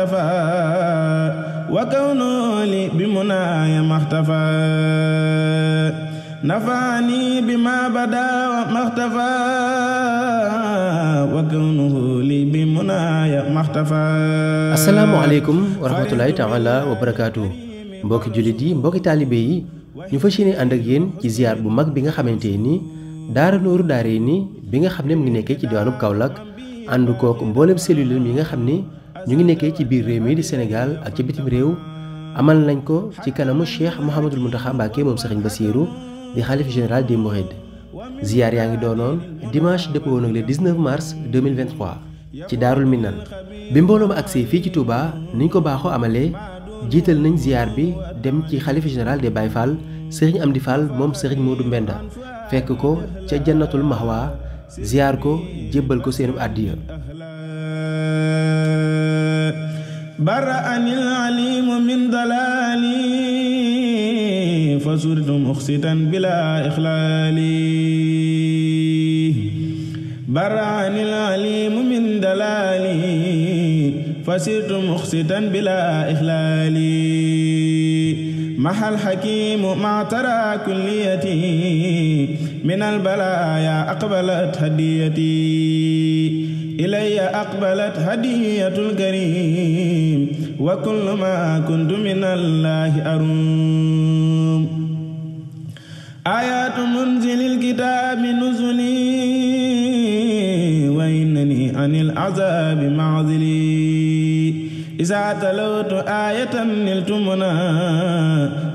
اختفى وكونه لي بمنايا ما اختفى نفعني بما بدا وما اختفى وكونه لي بمنايا ما اختفى السلام عليكم ورحمة الله mbokki jullit yi mbokki taalibe yi ñu fas yéene ànd ak yéen ci ziar bu mag bi nga xamante ni daara nooru daare ni bi nga xam ne mu ngi nekkee ci diwaanub Kaolack ànd kook mboolem cellule yi nga xam ni ñu ngi nekkee ci biir réew mi di Sénégal ak ci bitim réew amal nañ ko ci kanamu Cheikh Mouhamadul Mountakha Mbacké moom ba Bassirou di xalif général des Mourides ziyaar yaa ngi doonoon dimanche dëppoo woon ak le 19 mars 2023 ci Daarul Minnan bi mbooloo ma agsee fii ci Touba niñ ko baaxoo amalee jiital nañ ziyaar bi dem ci xalif général des Baye Fall am di Fall moom Serigne Modou Mbenda fekk ko ca Jannatul Mahwa ziyaar ko jébbal ko seenu àddiya برأني العليم من ضلالي فصرت مخستا بلا إخلال برأني العليم من ضلالي فصرت مخستا بلا إخلال محى الحكيم مع ترى كليتي من البلايا أقبلت هديتي ilayya aqbalat hadiyatul karim wa kullu ma kuntu min allahi arum ayatu munzilil kitaabi nuzuli wa innani anil azabi ma'zili isa talawtu ayatan niltumuna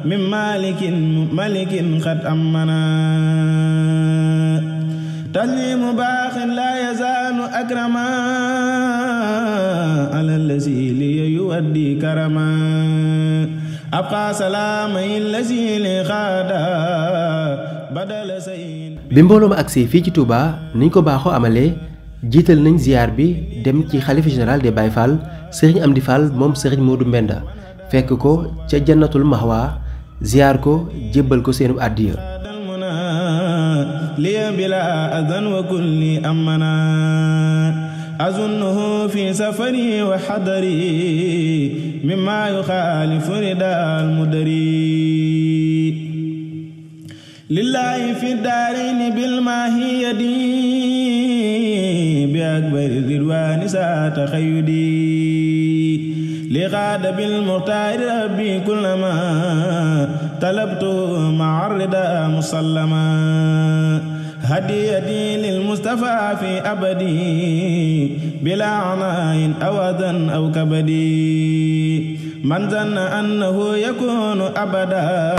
min malikin malikin qad amana تعليم باخ لا يزال أكرما على الذي لي يؤدي كرما أبقى سلامي الذي لي خادا بدل سين bi mbooloo ma agsee fii ci Touba niñ ko baaxoo amalee jiital nañ ziar bi dem ci xalifa général des Baye Fall sëriñ Amdi Fall moom sëriñ Modou Mbenda fekk ko ca jannatul Mahwa ziar ko jébbal ko seenu àddiya لي بلا أذى وكلي أمنا أظنه في سفري وحضري مما يخالف رداء المدري لله في الدارين بالماهية بأكبر الرضوان ساعة خيدي لغاد بالمختار ربي كلما طلبت مع الرداء مسلما هديتي للمصطفى في أبدي بلا عناء أو أذى أو كبدي من ظن أنه يكون أبدا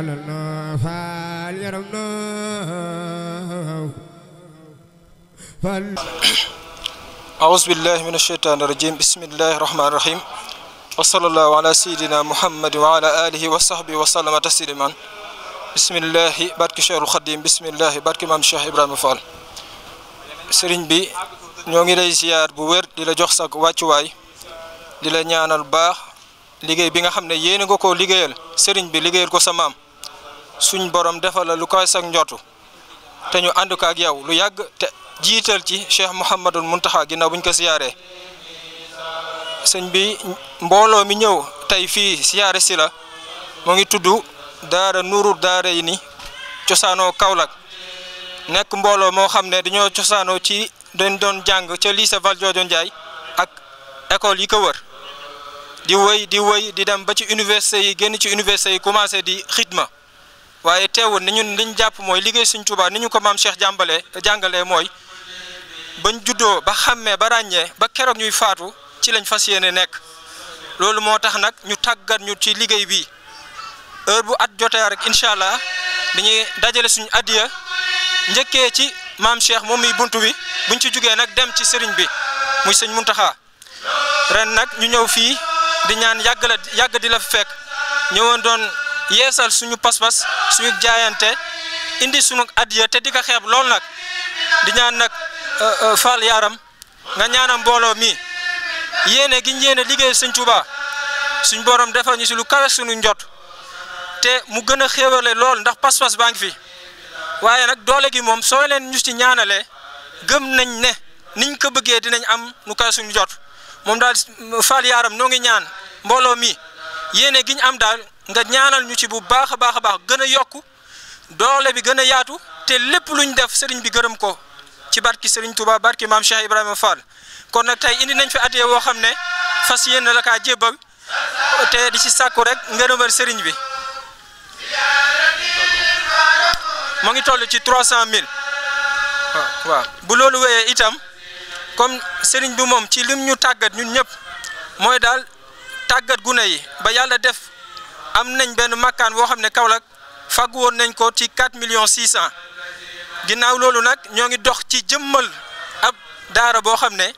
dalal na faal yaram na faal أعوذ بالله من الشيطان الرجيم بسم الله الرحمن الرحيم وصلى الله على سيدنا محمد وعلى آله وصحبه وسلم تسليما بسم الله بارك شيخ الخديم بسم الله بارك مام شيخ إبراهيم فال sëriñ bi ñoo ngi lay ziyaar bu wér di la jox sa wàccuwaay di la ñaanal baax liggéey bi nga xam ne yéene nga ko liggéeyal sëriñ bi liggéeyal ko sa maam suñ borom defal la lu koy sag njortu te ñu ànd ko ak yow lu yàgg te jiital ci Cheikh Mouhamadul Mountakha ginnaaw buñ ko siyaaree sëñ bi mbooloo mi ñëw tey fii siyaare si la mu ngi tudd daara nuuru daara yi ni cosaanoo Kaolack nekk mbooloo moo xam ne dañoo cosaanoo ci dañ doon jàng ca lycée Valdiodio Ndiaye ak école yi ko wër di wëy di wëy di dem ba ci université yi génn ci université yi commencé di xidma waaye teewoon ni ñun liñ jàpp mooy liggéey suñ Tuubaa ni ñu ko maam Cheikh jàmbale jàngale mooy bañ juddoo ba xàmmee ba ràññee ba keroog ñuy faatu ci lañ fas yéene nekk loolu moo tax nag ñu tàggat ñu ci liggéey bi heure bu at jotee rek incha allah dañuy dajale suñu addiya njëkkee ci maam Cheikh moom mi bunt bi buñ ci jugee nag dem ci sëriñ bi muy sëñ muntaxaa ren nag ñu ñëw fii di ñaan yàgg la di la fekk ñëwoon doon yeesal suñu pas-pas suñu jaayante indi suñu addiya te di ko xeeb loolu nag di ñaan nag euh, euh, Fall Yaram nga ñaanam mbooloo mi yéene gi ñu liggéey Sëñ Tuuba suñ borom defal ñu si lu kawe suñu njot te mu gën a xéewale lool ndax pas-pas baa ngi fi waaye nag doole gi moom soo leen ñu ci ñaanalee gëm nañ ne niñ ko bëggee dinañ am nu kawe suñu njot moom daal Fall Yaram noo ngi ñaan mbooloo mi yéene gi ñu am daal. nga ñaanal ñu ci bu baax a baax a baax gën a yokku doole bi gën a yaatu te lépp luñ def sëriñ bi gërëm ko ci barki sëriñ Touba barki maam Cheikh Ibrahima Fall kon nag tey indi nañ fi addiya woo xam ne fas yéene la kaa jébbal te di ci sàkku rek ngërëmal sëriñ bi mu ngi toll ci 300000 waaw waaw bu loolu wéyee itam comme sëriñ bi moom ci lim ñu tàggat ñun ñëpp mooy daal tàggat gune yi ba yàlla def am nañ benn makkaan boo xam ne kawlag fag woon nañ ko ci 4 millions 600 ginnaaw loolu nag ñoo ngi dox ci jëmmal ab daara boo xam ne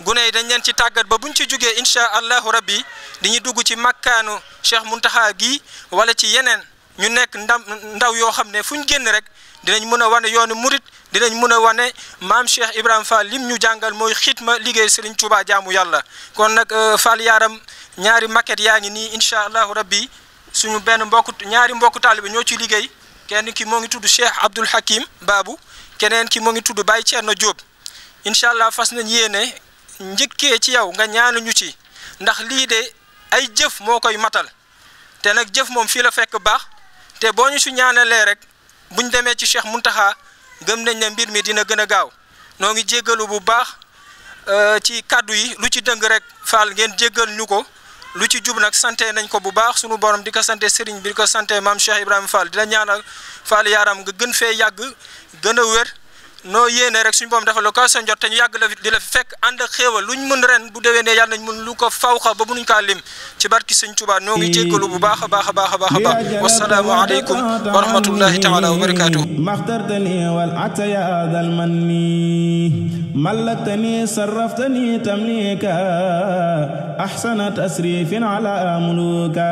gune yi dañ leen ci tàggat ba buñ ci jógee incha allahu rabbi dañuy dugg ci makkaanu Cheikh Muntaxa gi wala ci yeneen ñu nekk ndam ndaw yoo xam ne fu ñu génn rek dinañ mën a wane yoonu murit dinañ mën a wane maam Cheikh Ibrahima Fall lim ñu jàngal mooy xitma liggéey Serigne Touba jaamu yàlla kon nag euh, Fall yaaram ñaari maquette yaa ngi nii incha allahu rabbi suñu benn mbokk ñaari mbokk taalibe ñoo ci liggéey kenn ki moo ngi tudd Cheikh Abdoul Hakim baabu keneen ki moo ngi tudd bàyyi Baye na jóob incha allah fas nañ yéene njëkkee ci yow nga ñaanu ñu ci ndax lii de ay jëf moo koy matal te nag jëf moom fii la fekk baax te boo ñu su ñaanalee rek buñ demee ci mun Muntaxa gëm nañ ne mbir mi dina gën a gaaw noo ngi jéggalu bu baax euh, ci kàddu yi lu ci dëng rek faal ngeen jéggal ñu ko lu ci jub nag sante nañ ko bu baax sunu borom di ko sante sëriñ bi di ko sante maam Cheikh Ibrahima Fall dina la ñaanal Fall yaaram nga gën fee yàgg gën a wér noo yéene rek suñu boom dafa la kaw sa njot te ñu yàgg la di la fekk ànd ak ñu mun mën ren bu déwénee yàlla nañ mën lu ko fawxa ba mënuñ kaa lim ci barki sëñ Tuubaa noo ngi jéggalu bu baax a baax a baax a baax a baax wasalaamu aleykum wa rahmatullahi taala wa barakaatuhu maxtartani wal atayadal man ni mallaktani sarraftani tamlika ahsana tasrifin ala muluka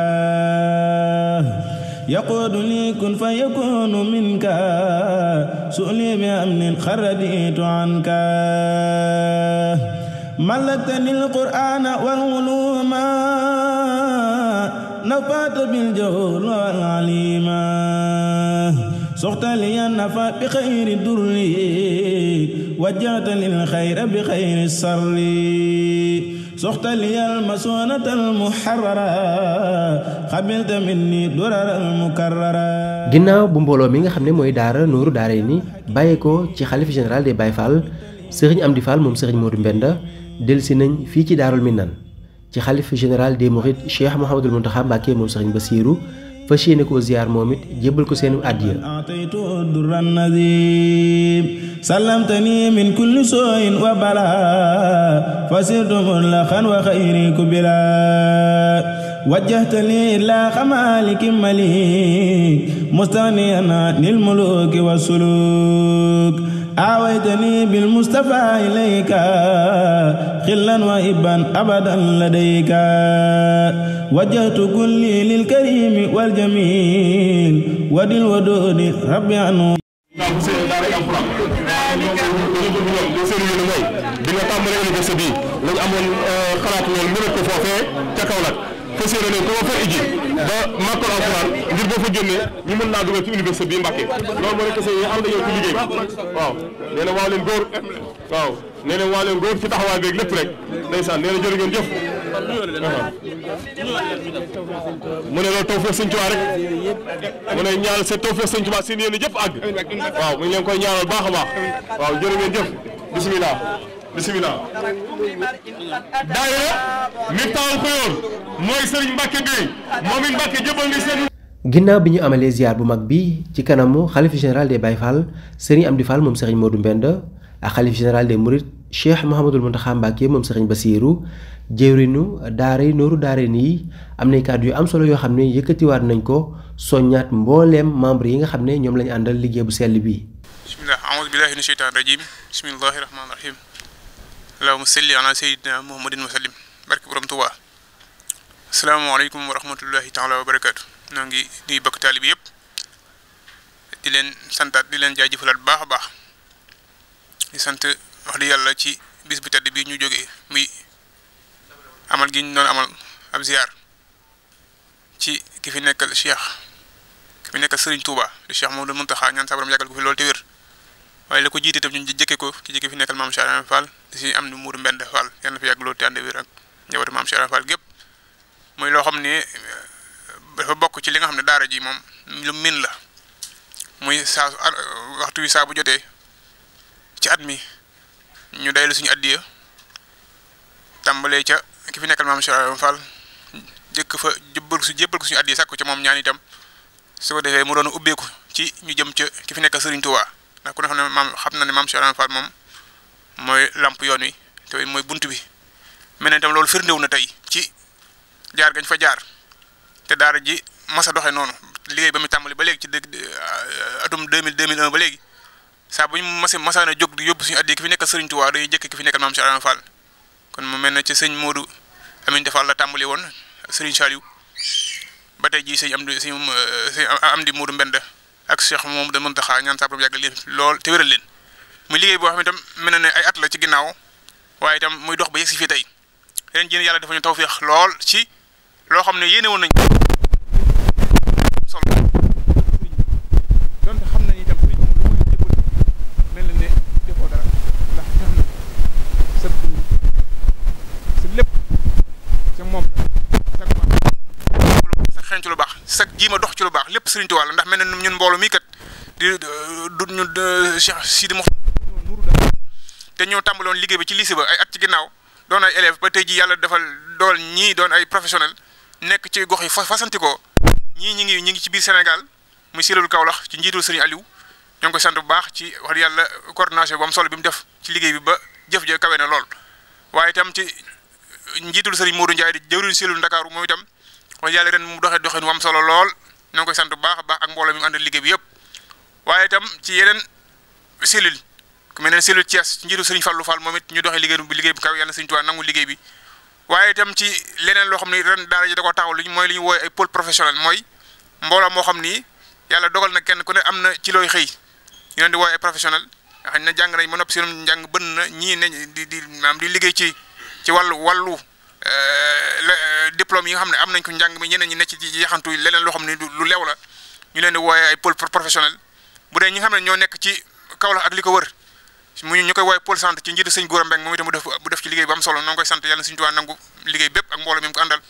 يقود لي كن فيكون منك سؤلي بأمن خرديت عنك ملكتني القرآن والعلوم نفعت بالجهول والعليم سخت لي النفع بخير الدر وجهت للخير بخير السر سخت لي المسونة المحررة قبلت مني درر المكررة ginnaaw bu mbooloo mi nga xam ne mooy daara Nuuru Daarayni bàyyi ko ci xalif général des Baye Fall sëriñ di Fall moom sëriñ Modou Mbenda delsi nañ fii ci daarul Minaan ci xalif général des Mourides Cheikh Mouhamadul Mountakha Mbacké moom sëriñ Bassirou fas yéene koo ziyaar moom it jébbal ko seenu àddiya sallamtani min kulli sooyin wa balaa fasirtu mutlaqan wa xayri ku bilaa wajjahtani ilaa xamaaliki malik mustaniyan nil muluki wa suluk awaytani bil mustafa ilayka xillan wa ibban abadan ladayka wajjahtu kulli lil karimi wal jamil wadil wadudi rabbi anu bi nga tàmbalee université bi lañ amoon xalaat loolu mën ko foofee ca Kaolack fas yéene ko fa iji ba màkkal alxuraan ngir boo fa génnee ñu mën laa dugal ci université bi Mbàkke loolu moo nekk seen yi am na yow ci liggéey bi waaw nee leen góor waaw nee na lépp rek ndeysaan nee na jërë ngeen jëf mu ne loolu tawfeex sëñ Tuubaa rek mu ne ñaanal seen tawfeex sëñ Tuubaa seen yéen a jëpp àgg waaw mu ngi leen koy ñaanal baax a baax waaw jërë ngeen jëf bisimilah bisimilah. daayira mooy Serigne Mbacke Gueye moom it Mbacke ni seen. ginnaaw bi ñu amalee ziar bu mag bi ci kanamu xalif général des Baye Fall am Amdi Fall moom Serigne Modou Mbenda ak xalif général des Mourides Cheikh Mouhamadul Mountakha Mbacke moom ba Bassirou jëwrinu daaray nooru daare nii am nay kàddu yu am solo yoo xam ne yëkkatiwaat nañ ko soññaat mbooleem membre yi nga xam ne ñoom lañu àndal liggéey bu sell bi allahumma salli ala sayyidina muhammadin wa sallim barke borom Tuubaa asalaamaaleykum wa rahmatullahi taala wa barakaatu ñoo ngi nuyu bokk taali bi yëpp di leen santaat di leen jaay jaajëfalaat bu baax a baax di sant wax di yàlla ci bis bi tedd bii ñu jógee muy amal gi ñu doon amal ab ziar ci ki fi nekkal Cheikh ki fi nekkal Serigne Touba di Cheikh Mouhamadou Mountakha ñaan sa borom yàggal ko fi loolu te wér. waaye la ko jiite itam ñu jëkkee ko ki jëkkee fi nekkal maam Cheikh Ibra si am ni muuru mbend Fall yal na fi yàgg loolu te ànd wér maam Cheikh Ibra Fall loo xam ne eh, bokk ci li nga xam ne daara ji moom lu la muy saa waxtu wi bu jotee ci at mi ñu daylu suñu addiya tàmbalee ca ki fi nekkal maam Cheikh Ibra jëkk fa jébbal su jébbal ko suñu addiya sàkku ca moom ñaan itam su ko defee mu doon ubbeeku ci ñu jëm ca ki fi nekkal Serigne Touba ndax ku ne xam ne maam xam na ne maam Cheikh Ibrahima Fall moom mooy lamp yoon wi te mooy bunt bi mel ne tam loolu firndéew na tey ci jaar gañ fa jaar te daara ji mas a doxee noonu liggéey ba mu tàmbali ba léegi ci dëgg euh, atum 2000 2001 ba léegi saa bu ñu mase masaana jóg di yóbbu suñu addiya ki fi nekkal Serigne Touba dañuy fi nekkal maam Cheikh Ibrahima Fall kon mu mel ne ci sëñ Modou Amine Fall la tàmbali woon Serigne Saliou ba te jii sëñ am di sëñ euh, am di Modou Mbenda ak Cheikh moom da mënta xaar ñaan saabu yàgg leen lool te wéral leen muy liggéey boo xam ne tam mel na ne ay at la ci ginnaaw waaye tam muy dox ba yegg si fii tey ren jii yàlla dafa ñu tawféex lool ci loo xam ne yéene woon nañ solo xam nañ itam na ne defoo sa dund sa lépp ca moom xeeñ ci lu baax sag jiima dox ci lu baax lépp Sëriñ Tuubaa la ndax mel na ñun mbooloo mii kat di du ñun Cheikh Sidi te ñoo tàmbaloon liggéey bi ci lycée ba ay at ci ginnaaw doon ay élèves ba tey ji yàlla defal dool ñii doon ay professionnel nekk ci gox yi fa fasanti ko ñii ñi ngi ñi ngi ci biir Sénégal muy Silalu kawlax ci njiitul Sëriñ aliw ñoo koy sant bu baax ci wax yàlla coordination bu am solo bi mu def ci liggéey bi ba jëf ja kawe lool waaye itam ci njiitul Sëriñ Modou Ndiaye di jëwriñ Ndakaaru moom itam kon yalla ren mu doxee doxin wam solo lool ñoo ngi koy sant bu baax a baax ak mbooloo mi mu àndal liggéey bi yëpp waaye itam ci yeneen cellule ku mel ne cellule Thiès njiitu Serigne Fallou Fall moom it ñu doxe liggéey bi liggéey bi kaw yàlla Serigne Touba nangu liggéey bi waaye loo xam ni ren daara ji da ko taxaw luñ mooy li ñu wooye ay pôle professionnel mooy mbooloo moo xam ni yàlla dogal na kenn ku ne am na ci looy xëy ñu leen di wooye ay na jàng nañ ba noppi seen njàng bënn na ñii ne di di maanaam di liggéey ci ci wàllu wàllu Euh, euh, diplôme yi nga xam ne am nañ ko njàng mi ñeneen ñi nekk ci yaxantu leneen loo xam ne lu leew ñu leen di wooyee ay pôle professionnel bu dee ñi nga xam ne ñoo nekk ci Kaolack ak li ko wër mu ñu koy ci njiitu sëñ Gora Mbeng moom itam mu def bu def ci liggéey bu am solo noo ngi ko àndal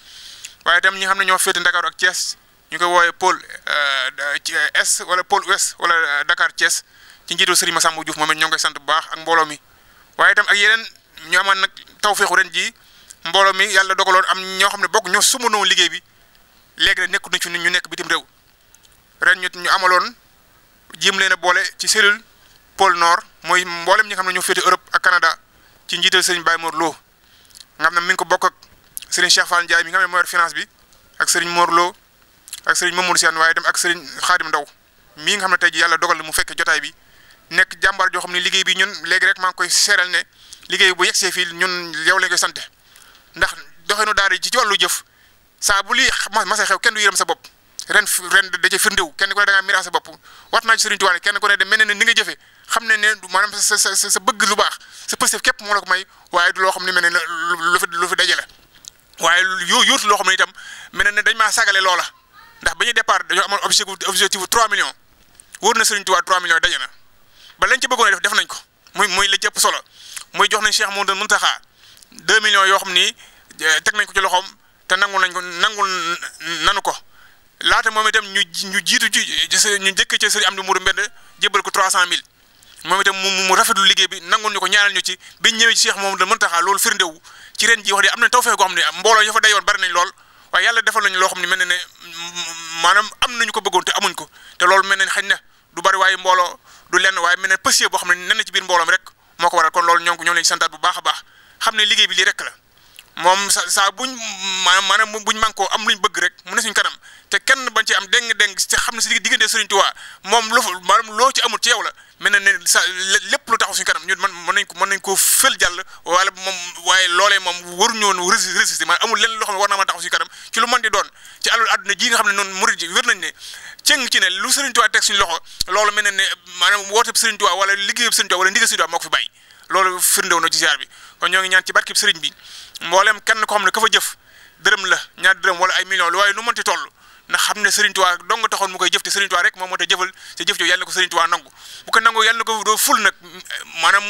waaye itam ñi nga xam ne ñoo féete Dakar ak Thiès ñu koy wooyee pôle euh, est wala pôle ouest wala Dakar Thiès ci njiitu Sëriñ Massamba Diouf moom it ñoo ngi sant bu baax ak mbooloo mi waaye itam ak yeneen ñu amaan nag ren jii mbooloo mi yàlla dogaloon am ñoo xam ne bokk ñoo sumanoo liggéey bi léegi nag nekk na ci ñu nekk bitim réew ren ñu ñu amaloon jéem leen a boole ci cellule pôle nord mooy mboole ñi nga xam ne ñoo féete Europe ak Canada ci njiital sëriñ Baye Mor Lo nga xam ne mi ngi ko bokk ak sëriñ Cheikh Fall mi nga xam ne mooy finance bi ak sëriñ Mor Lo ak sëriñ Mamadou Sène waaye dem ak sëriñ Xaadim Ndaw mii nga xam ne tey ji yàlla dogal na mu fekk jotaay bi nekk jàmbaar joo xam ne liggéey bi ñun léegi rek maa ngi koy seeral ne liggéey bu yegsee fii ñun yow lañ koy sante ndax doxinu daara ji ci wàllu jëf saa bu lii masa xew kenn du yërëm sa bopp ren ren da ca firndéw kenn ku ne da sa bopp wat naa ci Sëriñ Tuubaa ku ne de mel ne ni nga jëfee xam ne ne maanaam sa sa bëgg lu baax sa pëstef képp moo la ko may waaye du loo xam ne mel ne lu fi lu fi daje la waaye yu yóotu loo xam ne itam meneen ne dañ maa sagale loola ndax ba ñuy départ dañoo amoon objectif objectif 3 millions wóor na Sëriñ Tuubaa 3 millions daje na ba lañ ci bëggoon def def nañ ko muy mooy la ci ëpp solo muy jox nañ Cheikh Mountakha 2 millions yoo xam ni eh, teg nañ ko ci loxoom te nangul nañ ko nangul nanu ko laata moom itam ñu ñu jiitu ci ñu njëkk ci sëriñ Amdi Mourou Mbend jébbal ko 300000 moom itam mu mu liggéey bi nangul ñu ko ñaanal ñu ci biñ ñëwee ci Cheikh moom da Muntaxa loolu firndewu ci ren ji wax dëgg am na tawfeex goo xam ne mbooloo ya fa dayoon bari nañ lool waaye yàlla defal nañ loo xam ne mel ne maanaam am nañu ko bëggoon te amuñ ko te loolu mel na xañ na du bari waaye mbooloo du lenn waaye mel na pësier boo xam ne a baax xam ne liggéey bi lii rek la moom sa saa buñ maanaam maanaam buñ man koo am luñ bëgg rek mu ne suñ kanam te kenn bañ ci am déng-déng xam ne si diggante Sëriñ Tuubaa moom lu loo ci amul ci yow la mel na ne sa lépp lu taxaw suñ kanam ñun man mën nañ ko mën nañ koo fël jàll wala moom waaye loolee moom waruñu woon résister maanaam amul lenn loo xam ne war naa a taxaw suñ kanam ci lu mën di nga xam ne noonu murid ji wér nañ ne cëng ci ne lu Sëriñ Tuubaa teg loolu mel na ne maanaam woote Sëriñ Tuubaa wala liggéey Sëriñ Tuubaa wala ndigal Sëriñ Tuubaa moo ko fi bàyyi loolu firndew na ci ziar bi kon ñoo ngi ñaan ci barkib sëriñ bi mboolem kenn ko xam ne ka fa jëf dërëm la ñaar dërëm wala ay million lu waaye nu mënti toll na xam ne Serigne Touba dong nga taxoon mu koy jëf te Serigne Touba rek moo tax jëfal te jëf jooju yàlla na ko Serigne Touba na ko doo ful nag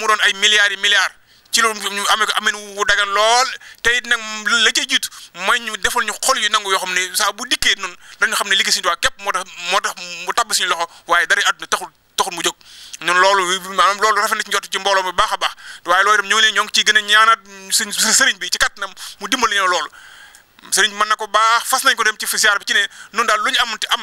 mu doon ay milliards yi milliards ci loolu ñu amee lool te it nag mooy ñu defal ñu xol yu nangu yoo xam ne saa bu dikkee noonu dañu xam ne liggéey si Touba képp moo tax moo tax mu tabb suñu loxo waaye dara àdduna taxul taxul mu jóg ñun loolu maanaam loolu rafet na ci njott ci mbooloo mi baax a waaye loolu itam ñu ngi leen ñoo ngi gën a ñaanaat suñ sëriñ bi ci kattanam mu dimbali ñu loolu sëriñ bi na ko baax fas ko dem ci siyaar bi ci ne noonu daal lu am am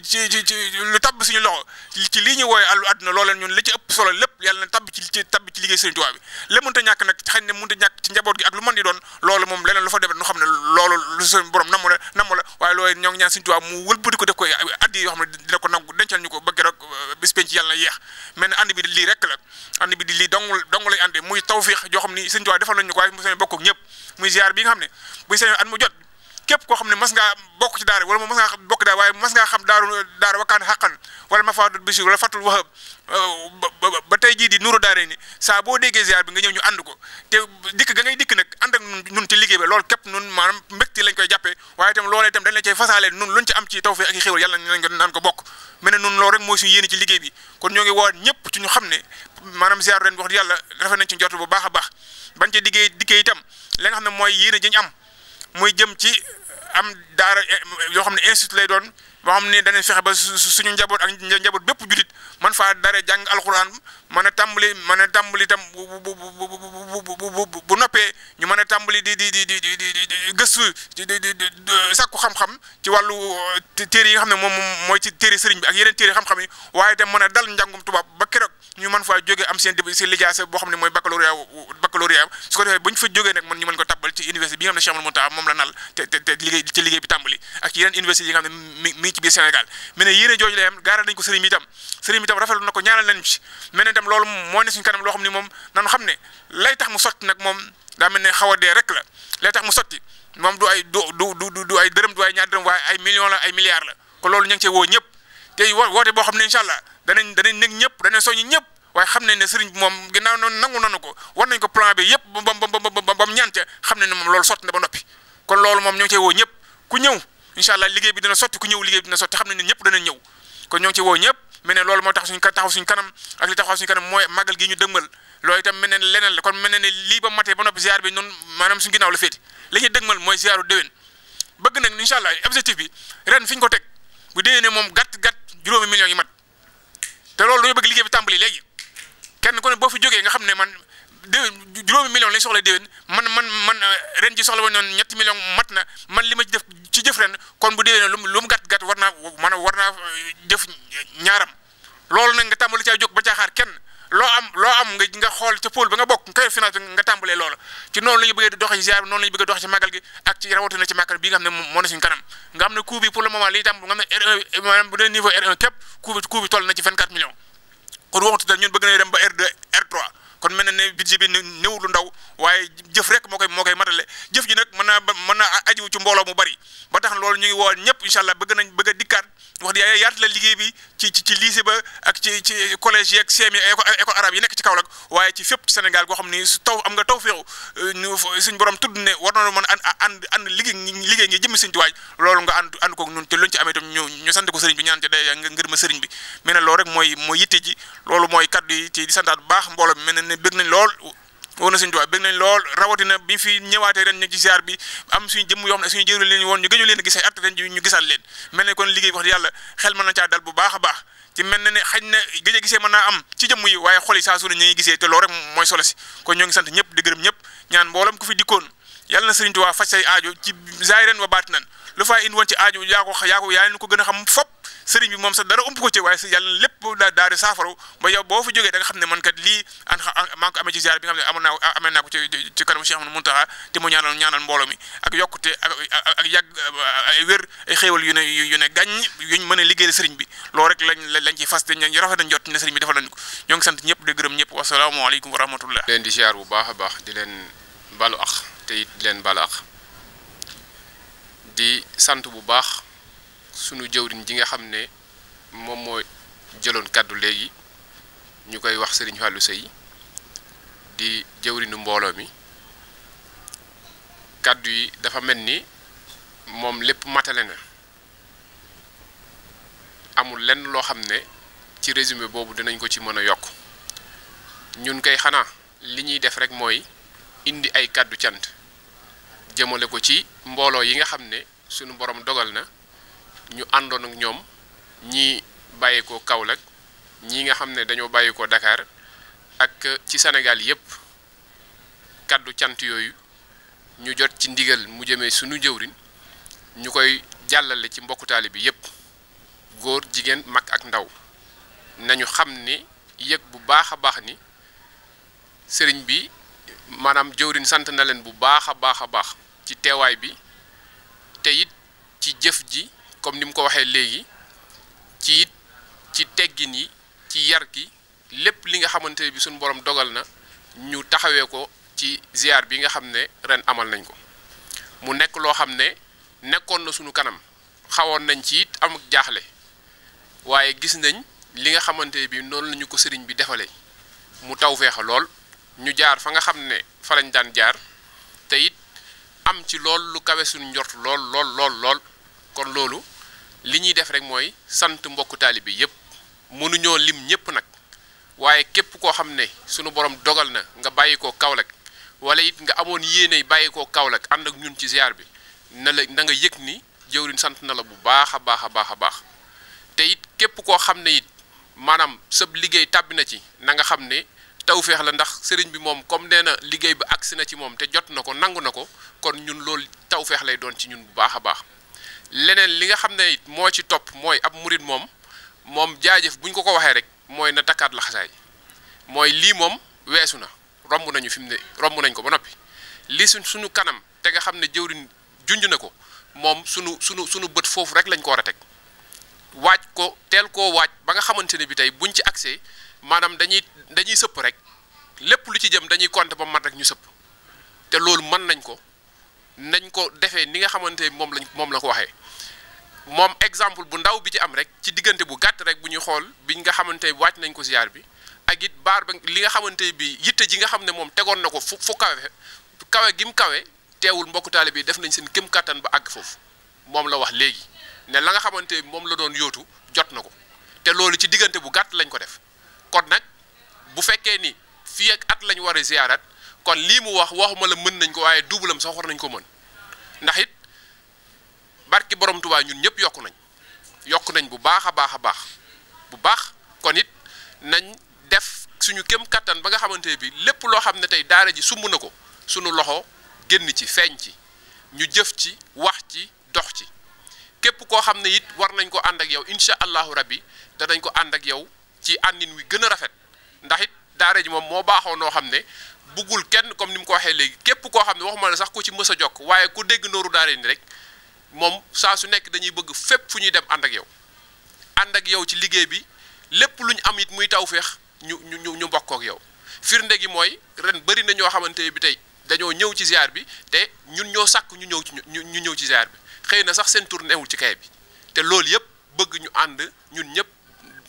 ci ci ci ci lu ci lii wooye àllu àdduna looleen ñun li ëpp solo lépp yàlla na tabb ci ci tabb ci liggéey Sëriñ Tuubaa bi la mënta ñàkk nag xëy na ci njaboot gi ak lu mën di doon loolu moom leneen lu fa demee nu xam ne loolu lu suñu mu wëlbati ko def koy addi yoo xam ne dina ko nangu dencal ñu ko bëgg rek euh, bis penc yeex mais ne bi di lii rek la ànd bi di lii dong dong lay àndee muy tawfiix joo xam ni Sëriñ Tuubaa defal nañu ko waaye mu seen képp koo xam ne mas ngaa bokk ci daara wala moom mas ngaa bokk daara waaye mas xam daaru daara wakkaan xàqan wala mafaadul bisir wala fatul wahab euh, ba tey jii di nuuru saa boo déggee nga ñëw ñu ànd ko te dikk ga dikk nag ànd ak ñun ci liggéey ba loolu képp nun maanaam mbégte lañ koy jàppee waaye itam loolee itam dañ la cay fasaale nun luñ ci am ci tawfeex ak xéwal yàlla nañ ko naan ko bokk mel rek nañ ci njort bu baax a baax bañ ca diggee dikkee itam xam ne mooy yéene ji am muy jëm ci am daara eh, yoo xam ne institut lay doon boo xam ne danañ fexe ba suñu njaboot ak njaboot bépp julit man faa dare jàng alxuraan mën a tàmbali mën a tàmbali tam bu bu bu bu bu noppee ñu mën a tàmbali di di di di di di gëstu xam-xam ci wàllu téere yi nga xam ne moom mooy ci téere a dal njàngum tubaab ba keroog boo xam ne mooy baccalauréat baccalauréat su ko defee bu ñu fa jógee nag la nal te liggéey bi tàmbali ak yeneen université yi nga xam ne mi mi Sénégal mais ne yéene jooju gaara nañ ko sëriñ bi itam sëriñ bi itam rafetlu na ko ñaanal nañ ci loolu moo ne suñu kanam loo xam moom nanu xam ne lay tax mu sotti nag moom daa mel ne xaw a dee rek la lay tax mu sotti moom du ay du du du du ay dërëm du ay ñaar la ay milliards la loolu ña ngi woo ñëpp tey boo xam ne incha allah danañ danañ nekk ñëpp ñëpp waaye xam nañ ne sëriñ bi moom ginnaaw noonu nangu nanu ko war nañ ko plan bi yëpp ba ba ba moom loolu sotti na ba noppi kon loolu moom ñoo ngi cee woo ñëpp ku ñëw incha allah liggéey bi dina sotti ku ñëw liggéey bi dina sotti xam nañ ne ñëpp danañ ñëw kon ñoo ngi ci woo ñëpp mel ne loolu moo tax suñ taxaw suñ kanam ak li taxaw suñ kanam mooy màggal gi ñu dëgmal loolu itam mel ne leneen la kon mel ne lii ba matee ba noppi ziar bi noonu maanaam suñ ginnaaw la féete li ñuy dëgmal mooy ziaru déwén bëgg nag incha allah objectif bi ren fi ñu ko teg bu déwénee moom gàtt gàtt juróomi millions yi mat te loolu dañoo bëgg liggéey bi tàmbali léegi kenn ku ne boo fi jógee nga xam ne man déwén juróomi million lañ soxla déwén man man man euh, ren ji soxla woon noonu ñetti million mat na man li ma ci def ci jëf ren kon bu déwénee lu mu lu mu gàtt gàtt war naa maanaam war naa euh, jëf ñaaram loolu nag nga tàmbali caa jóg ba jaaxaar kenn loo am loo am nga xool ca pool ba nga bokk nga koy finance nga tàmbalee loola ci noonu la ñu bëggee doxee bi noonu la ñu bëggee ci màggal gi ak ci rawatina ci màggal bi nga xam ne moo na suñu kanam nga xam ne coût bi pour le moment li tam nga xam ne R1 maanaam bu dee niveau r kon mel na ne budget bi néew lu ndaw waaye jëf rek moo koy moo koy matale jëf ji nag mën naa mën naa ajiwu mu bari ba tax loolu ñu ngi woo ñëpp incha allah bëgg na bëgg a dikkaat wax di yaat la liggéey bi ci ci ci lycée ba ak ci ci collège yeeg CM école arabe yi nekk ci Kaolack waaye ci fépp Sénégal goo xam ni su taw am nga taw féexu euh, ñu suñ borom tudd ne war nañu mën a ànd ànd liggéey liggéey ngi jëmmi suñu loolu nga ànd ànd koog ñun te luñ ci amee itam ñu ñu ko sëriñ bi ñaan mooy mooy yitte ji loolu mooy kaddu yi ci di na suñu tubaab bëgg nañ lool rawatina bi fi ñëwaatee ren ñu ci am suñu jëmm yoo xam leen ñu gëju leen gis ay at leen mel ne kon liggéey wax yàlla xel mën na caa dal bu baax ci mel na ne xañ na gëj a gisee mën naa am ci jëmm yi waaye xol yi saa su ne ñu ngi gisee te loolu rek mooy solo si kon ñoo ngi sant ñëpp di gërëm ñëpp ñaan mboolam ku fi dikkoon yàlla na Sëriñ Tuubaa faj say aajo ci zahiran wa baatinan lu fay indi woon ci aajo yaa ko yaa ko ko gën xam fop sëriñ bi moom sax dara ump ko ci waaye si lépp daa daal di saafara ba yow boo ne man kat lii an maa ngi ko amee ci bi nga xam ne amoon naa ko amee naa ko ci ci kanamu Cheikh Mountakha te mu ñaanal ñaanal mbooloo mi ak yokkute ak ak yàgg wér ay yu ne yu mën a liggéey sëriñ bi loolu rek lañ lañ ciy fas te ñu rafet nañ jot ne sëriñ bi defal nañ ko ñoo ngi sant ñëpp di gërëm ñëpp wasalaamaaleykum wa rahmatullah leen di ziar bu baax a baax di leen balu ax te it di leen balaax di sant bu baax sunu jëwriñ ji nga xam ne moom mooy jëloon kàddu léegi ñu koy wax Serigne Fallou sëy di jëwriñu mbooloo mi kàddu yi dafa mel ni moom lépp matale na amul lenn loo xam ne ci résumé boobu dinañ ko ci mën a yokk ñun koy xanaa li ñuy def rek mooy indi ay kàddu cant jëmale ko ci mbooloo yi nga xam ne sunu borom dogal na ñu àndoon ak ñoom ñii bàyyeekoo Kaolack ñii nga xam ne dañoo bàyyeekoo dakaar ak ci senegal yépp kàddu cant yooyu ñu jot ci ndigal mu jëmee sunu jëwriñ ñu koy jàllale ci mbokku taalibe bi yépp góor jigéen mag ak ndaw nañu xam ni yëg bu baax a baax ni sëriñ bi maanaam jëwriñ sant na leen bu baax a baax a baax ci teewaay bi te it ci jëf ji comme ni mu ko waxee léegi ci it ci teggin yi ci yar gi lépp li nga xamante bi suñu borom dogal na ñu taxawee ko ci ziar bi nga xam ne ren amal nañ ko mu nekk loo xam ne nekkoon na suñu kanam xawoon nañ ci it am jaaxle waaye gis nañ li nga xamante bi noonu lañu ko sëriñ bi defalee mu tawfeexa lool ñu jaar fa nga xam ne fa lañ daan jaar te it am ci lool lu kawe suñu njort lool lool lool lool kon loolu li ñuy def rek mooy sant mbokku taalibe bi yëpp mënuñoo lim ñëpp nag waaye képp koo xam ne sunu borom dogal na nga bàyyi ko kawlek wala it nga amoon yéene bàyyi ko kawlek ànd ak ñun ci ziar bi na la na nga yëg ni jëwriñ sant na la bu baax a baax a baax a baax te it képp koo xam ne it maanaam sëb liggéey tàbbi na ci nanga xam ne. tawféex la ndax sëriñ bi moom comme nee na liggéey bi agsi na ci moom te jot na ko nangu na ko kon ñun loolu tawféex lay doon ci ñun bu baax a baax leneen li nga xam ne moo ci topp mooy ab murit moom moom jaajëf bu ñu ko ko waxee rek mooy na takkaat la mooy lii moom weesu na romb nañu fi mu ne romb nañ ko ba noppi lii suñ suñu kanam te nga xam ne jëwriñ junj na ko moom suñu suñu sunu bët foofu rek lañ ko war a teg waaj ko teel koo waaj ba nga xamante ne bi tey buñ ci agsee maanaam dañuy dañuy sëpp rek lépp lu ci jëm dañuy compter ba mat ak ñu sëpp te loolu mën nañ ko nañ ko defee ni nga xamante moom lañ moom la ko waxee moom exemple bu ndaw bi ci am rek ci diggante bu gàtt rek bu ñuy xool biñ nga xamante wàcc nañ ko ziar bi ak it baar ba li nga xamante bi yitte ji nga xam ne moom tegoon na ko fu fu kawe kawe gim kawe teewul mbokku taale def nañ seen këm kattan ba àgg foofu moom la wax léegi ne la nga xamante moom la doon yootu jot na ko te loolu ci diggante bu gàtt lañ ko def kon nag bu fekkee ni fii ak at lañ war a ziarat kon lii mu wax waxuma la mën nañ ko waaye duubalam sax war nañ ko mën ndax it barki borom Tuubaa ñun ñëpp yokk nañ yokk nañ bu baax a baax a baax bu baax kon it nañ def suñu kem kattan ba nga xamante bi lépp loo xam ne tey daara ji sumb na ko suñu loxo génn ci feeñ ci ñu jëf ci wax ci dox ci képp koo xam ne it war nañ ko ànd ak yow incha allahu rabbi danañ ko ànd ak yow ci àndin wi gën a rafet ndax it daara ji moom moo baaxoo noo xam ne buggul kenn comme ni mu ko waxee léegi képp koo xam ne waxuma la sax ko ci mës a jokk waaye ku dégg nooru daara ni rek moom saa su nekk dañuy bëgg fépp fu ñuy dem ànd ak yow ànd ak yow ci liggéey bi lépp lu ñu am it muy tawféex ñu ñu ñu bokk ak yow firnde gi mooy ren bëri na ñoo xamante bi tey dañoo ñëw ci ziar bi te ñun ñoo sàkk ñu ñëw ci ñu ñëw ci ziar bi xëy na sax seen tour newul ci kay bi te loolu yëpp bëgg ñu ànd ñun ñëpp.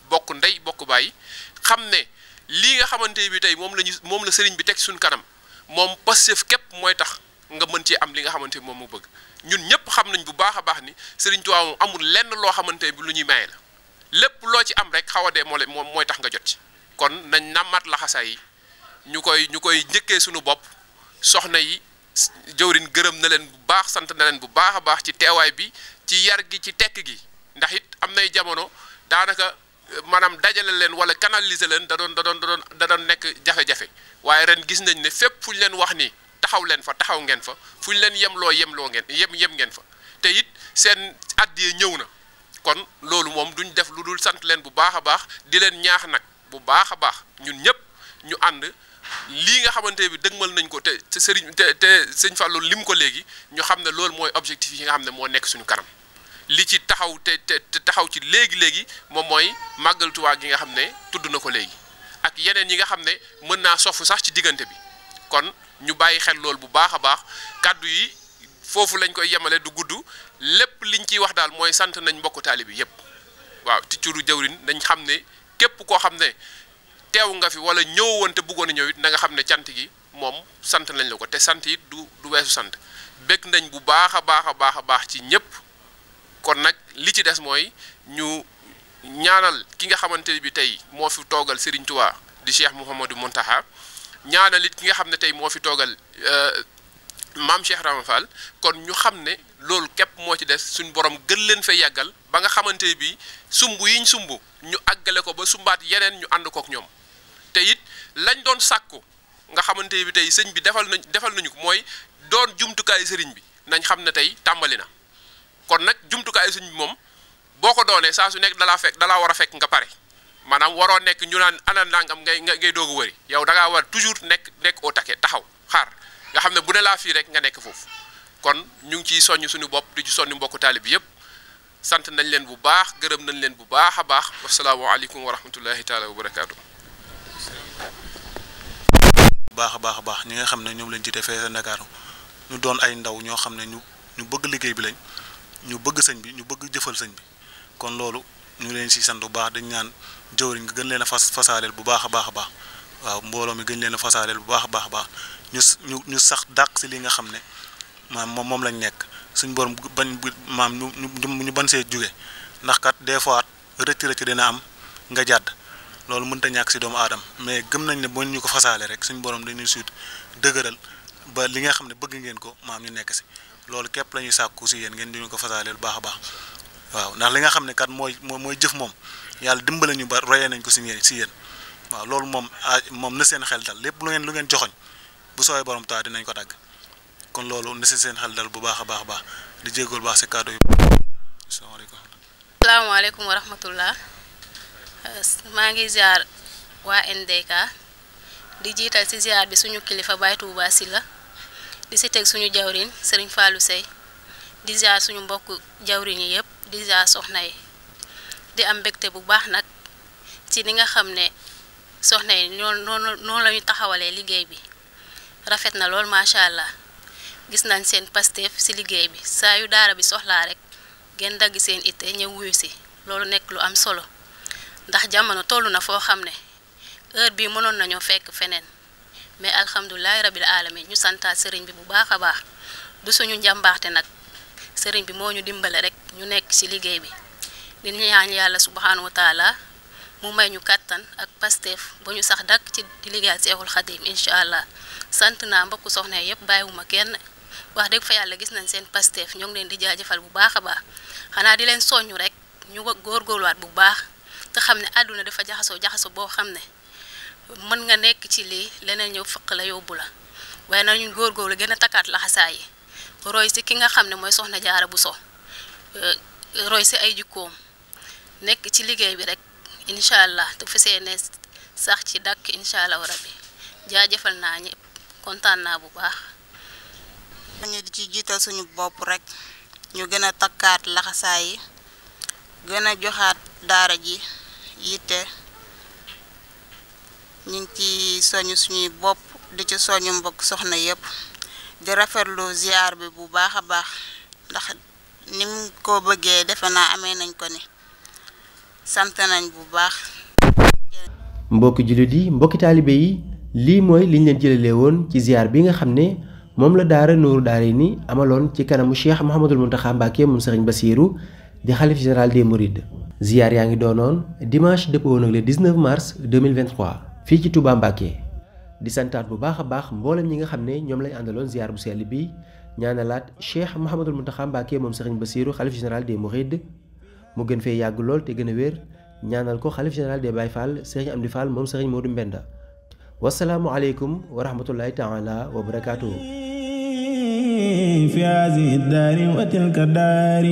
bokk ndey bokk bàyyi xam ne lii nga xamante bi tey moom la moom la sëriñ bi teg suñ kanam moom Pastef képp mooy tax nga mën cee am li nga xamante bi moom mu bëgg ñun ñëpp xam nañ bu baax a baax ni sëriñ Tuubaa moom amul lenn loo xamante bi lu ñuy maye la lépp loo ci am rek xaw de dee moo la moom mooy tax nga jot ci kon nañ nàmmaat laxasaay yi ñu koy ñu koy njëkkee suñu bopp soxna yi jëwrin gërëm na leen bu baax sant na leen bu baax a baax ci teewaay bi ci yar gi ci tekk gi ndax it am nay jamono daanaka maanaam dajale leen wala canaliser leen da doon da doon da doon nekk jafe-jafe waaye ren gis nañ ne fépp fu ñu leen wax ni taxaw leen fa taxaw ngeen fa fu ñu leen yemloo yemloo ngeen yem yem ngeen fa te it seen addiye ñëw na kon loolu moom duñ def lu dul sant leen bu baax a baax di leen ñaax nag bu baax a baax ñun ñëpp ñu ànd lii nga xamante bi dëgmal nañ ko te te sëriñ te te sëñ Fallou lim ko léegi ñu xam ne loolu mooy objectif yi nga xam ne moo nekk suñu kanam. li ci taxaw te te taxaw ci léegi léegi moom mooy màggal Tuubaa gi nga xam ne tudd na ko léegi ak yeneen yi nga xam ne mën naa sof sax ci diggante bi kon ñu bàyyi xel loolu bu baax a baax kàddu yi foofu lañ koy yemale du gudd lépp liñ ciy wax daal mooy sant nañ mbokku taali bi yépp waaw ci curu jëwrin dañ xam ne képp koo xam ne teew nga fi wala ñëwoon te buggoon a ñëw it na xam ne cant gi moom sant nañ la ko te sant it du du weesu sant bëgg nañ bu baax a baax a baax a baax ci ñëpp. kon nag li ci des mooy ñu ñaanal ki nga xamante ne bi tey moo fi toogal Serigne Touba di Cheikh Mouhamadou Mountakha ñaanal it ki nga xam ne tey moo fi toogal euh, maam Cheikh Rama Fall kon ñu xam ne loolu képp moo ci des suñ borom gën leen fay yàggal ba nga xamante ne bi sumb yiñ sumb ñu àggale ko ba sumbaat yeneen ñu ànd kook ñoom te it lañ doon sàkku nga xamante ne bi tey sëñ bi defal nañ defal nañu ko mooy doon jumtukaayu sëriñ bi nañ xam ne tey tàmbali na kon nag jumtukaay sëñ bi moom boo ko doonee saa su nekk dalaa fekk dalaa war a fekk nga pare maanaam waroo nekk ñu naan ana nangam ngay ngay doog a wëri yow dangaa ngaa war toujours nekk nekk au taquet taxaw xaar nga xam ne bu ne laa fii rek nga nekk foofu kon ñu ngi ciy soññ suñu bopp di ci soññ mbokku taalib yëpp sant nañ leen bu baax gërëm nañ leen bu baax a baax wasalaamaaleykum wa rahmatullahi taala wa barakaatu. baax a baax a baax ñi nga xam ne ñoom lañ jiite fee Ndakaaru ñu doon ay ndaw ñoo xam ne ñu ñu bëgg liggéey bi lañ ñu bëgg sëñ bi ñu bëgg jëfal sëñ bi kon loolu ñu leen si sant bu baax dañ naan jëwriñ nga gën leen a fas fasaaleel bu baax a baax a baax waaw mbooloo mi gën leen a fasaaleel bu baax a baax a baax ñu ñu ñu sax dàq si li nga xam ne maam moom moom lañ nekk suñ borom bañ maam ñu ñu ban see jóge ndax kat des fois rëcc rëcc dina am nga jàdd loolu mënta ñàkk si doomu aadama mais gën nañ ne bu ñu ko fasaale rek suñ borom dañuy suut dëgëral ba li nga xam ne bëgg ngeen ko maam ñu nekk si loolu képp la ñuy sàkku si yéen ngeen di ñu ko fasaaleel baax a baax waaw ndax li nga xam ne kat mooy mooy jëf moom yàlla dimbale ñu ba royee nañ ko si yéen si yéen waaw loolu moom ah moom na seen xel dal lépp lu ngeen lu ngeen joxoñ bu soobee borom taa dinañ ko dagg kon loolu na seen xel dal bu baax a baax a baax di jégalu baax si kàddu yi. asalaamaaleykum. asalaamaaleykum wa rahmatullah maa ngi ziar waa NDK di jiital si ziar bi suñu kilifa Baye si la di si teg suñu jawriñ sëriñ Fallou Seye di ziar suñu mbokk jawrin yi yëpp di ziar soxna yi di am mbégte bu baax nag ci li nga xam ne soxna yi noonu noonu noonu taxawalee liggéey bi rafet na lool macha allah gis nañ seen pasteef si liggéey bi saa yu daara bi soxlaa rek ngeen dagg seen itte ñëw wuyu si loolu nekk lu am solo ndax jamono tollu na foo xam ne heure bii mënoon nañoo fekk feneen mais alhamdulilahi rabil alamin ñu santaal sëriñ bi bu baax a baax du suñu njàmbaarte nag sëriñ bi moo ñu dimbale rek ñu nekk ci liggéey bi di ñaan yàlla subhanahu wa taala mu may ñu kàttan ak pasteef ba ñu sax dakk ci di liggéeyal seexul xadim incha allah sant naa mbokku soxna yëpp bàyyiwuma kenn wax dëgg fa yàlla gis nañ seen pasteef ñoo ngi leen di jaajëfal bu baax a baax xanaa di leen soññu rek ñu góorgóorluwaat bu baax te xam ne àdduna dafa jaxasoo jaxasoo boo xam ne mën nga nekk ci lii leneen ñëw fëq la yóbbu la waaye nag ñun góorgóorlu gën a takkaat laxasaay yi roy si ki nga xam ne mooy soxna jaara bu so roy si ay jikkoom nekk ci liggéey bi rek incha allah te fas yéene sax ci dàkk incha allah rabbi jaajëfal naa ñëpp kontaan naa bu baax. ñu di ci jiital suñu bopp rek ñu gën a takkaat laxasaay yi gën joxaat daara ji yitte. ñu ngi ci soñu suñuy bopp di ci soñu mbokk soxna yëpp di rafetlu ziar bi bu baax a baax ndax ni mu ko bëggee defe naa amee nañ ko ni sant nañ bu baax. mbokki jullit yi mbokki taalibe yi lii mooy liñ leen jëlalee woon ci ziar bi nga xam ne moom la daara Nuuru Daarayni amaloon ci kanamu Cheikh Mouhamadul Mountakha Mbacké moom Serigne Bassirou di xalif général des Mourides. ziar yaa ngi doonoon dimanche dëppoo woon ak le 19 mars 2023. fii ci Touba Mbacké di santaat bu baax a baax mboolem ñi nga xam ne ñoom lay àndaloon ziar bu sell bi ñaanalaat Cheikh Mouhamadul Mountakha Mbacké moom ba Bassirou xalif général des Mourides mu gën fee yàgg lool te gën a wér ñaanal ko xalif général des Baye Fall Serigne Amdi Fall moom Serigne Modou Mbenda wasalaamualeykum wa rahmatullahi taala wa barakaatuhu في هذه الدار وتلك الدار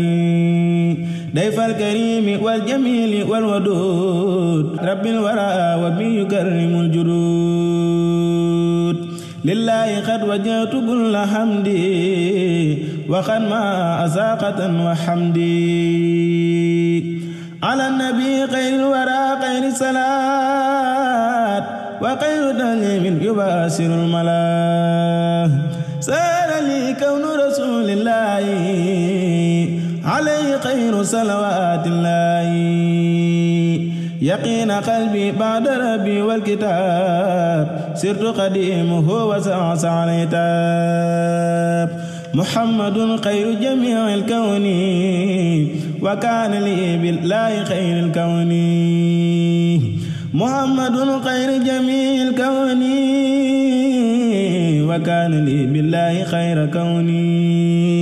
ضيف الكريم والجميل والودود رب الورى وبي يكرم الجدود لله قد وجهت كل حمدي وقد ما أساقة وحمدي على النبي خير الورى خير الصلاة وخير تعليم يباشر الملائكة الله عليه خير صلوات الله يقين قلبي بعد ربي والكتاب سرت قديمه وسعسع العتاب محمد خير جميع الكون وكان لي بالله خير الكون محمد خير جميع الكون wa kaana li billaahi xayra kawni